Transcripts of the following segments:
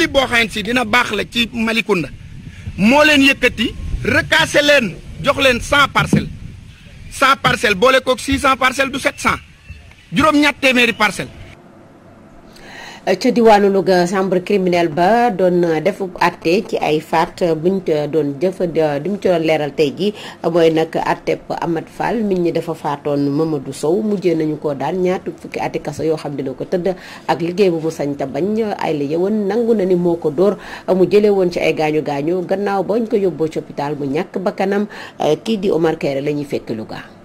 li boo xam si dina baax la ci Malicounda moo leen yëkkati recasser leen jox leen cent parcelles cent parcelles boole koog six cent parcelles du sept cent juróom-ñett téeméeri parcelles ca diwaanu Louga chambre criminelle ba doon defu atte ci ay faat buñ doon jëf di mu ci doon leeral tey ji mooy nag atteb Amat Fall mit ñi dafa faatoon Mamadou Sow mujjee nañu ko daan ñaatu fukki ati kaso yoo xam dina ko tëdd ak liggéey bu mu sañ ta bañ ay la yëwoon nangu na ni moo ko dóor mu jëlee woon ci ay gaañu gaañu gannaaw bañ ko yóbboo ci hôpital mu ba kanam kii di Omar Kéré la ñuy fekk Louga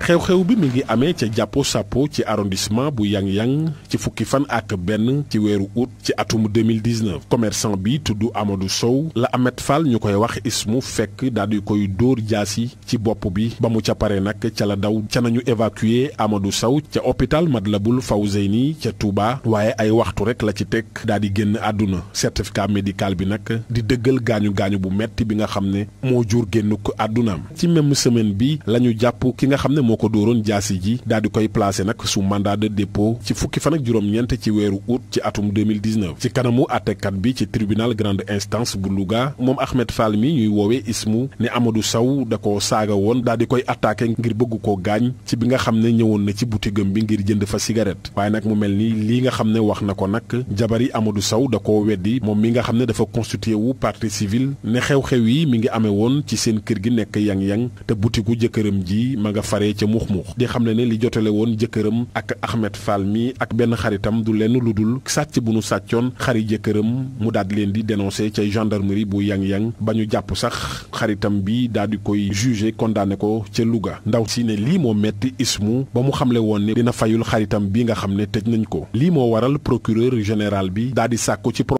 xew-xew bi mu ngi amee ca jàppo sàppo ci arrondissement bu yang-yang ci fukki fan ak benn ci weeru août ci atum 2019 commerçant bi tudd amadu Sow la Amet Fall ñu koy wax ismu fekk daal di koy dóor jaasi ci bopp bi ba mu ca pare nag ca la daw ca nañu évacuer Amadou Sow ca hôpital Matlaboul Fawzeyni ca Touba waaye ay waxtu rek la ci teg daal di génn àdduna certificat médical bi nag di dëggal gaañu gaañu bu metti bi nga xam ne moo jur génn ko àddunaam ci même semaine bi lañu jàpp ki nga xam ne moo ko dóoroon jaasi ji daal di koy placé nag su mandat de dépôt ci fukki fan ak juróom-ñeent ci weeru août ci atum 2019 ci kanamu àttekat bi ci tribunal grande instance bu Louga moom Ahmed Fall mi ñuy woowee ismu ne Amadou saw da ko saaga woon daal di koy attaqué ngir bëgg ko gaañ ci bi nga xam ne ñëwoon na ci butigam bi ngir jënd fa cigarette waaye nag mu mel ni lii nga xam ne wax na ko nag jabari Amadou saw da koo weddi moom mi nga xam ne dafa constitué wu partie civile ne xew-xew yi mi ngi amee woon ci seen kër gi nekk yang-yang te butigu jëkkëram ji ma nga fare ca muux muux di xam ne ne li jotale woon jëkkëram ak Ahmed Fall mi ak benn xaritam du lenn lu dul sàcc bu nu sàccoon xari jëkkëram mu daal leen di dénoncé ca gendarmerie bu yang-yang ba ñu jàpp sax xaritam bi daal di koy jugé condamné ko ca Louga ndaw si ne lii moo metti ismu ba mu xamle woon ne dina fayul xaritam bi nga xam ne tëj nañ ko lii moo waral procureur général bi daal di sàkku ci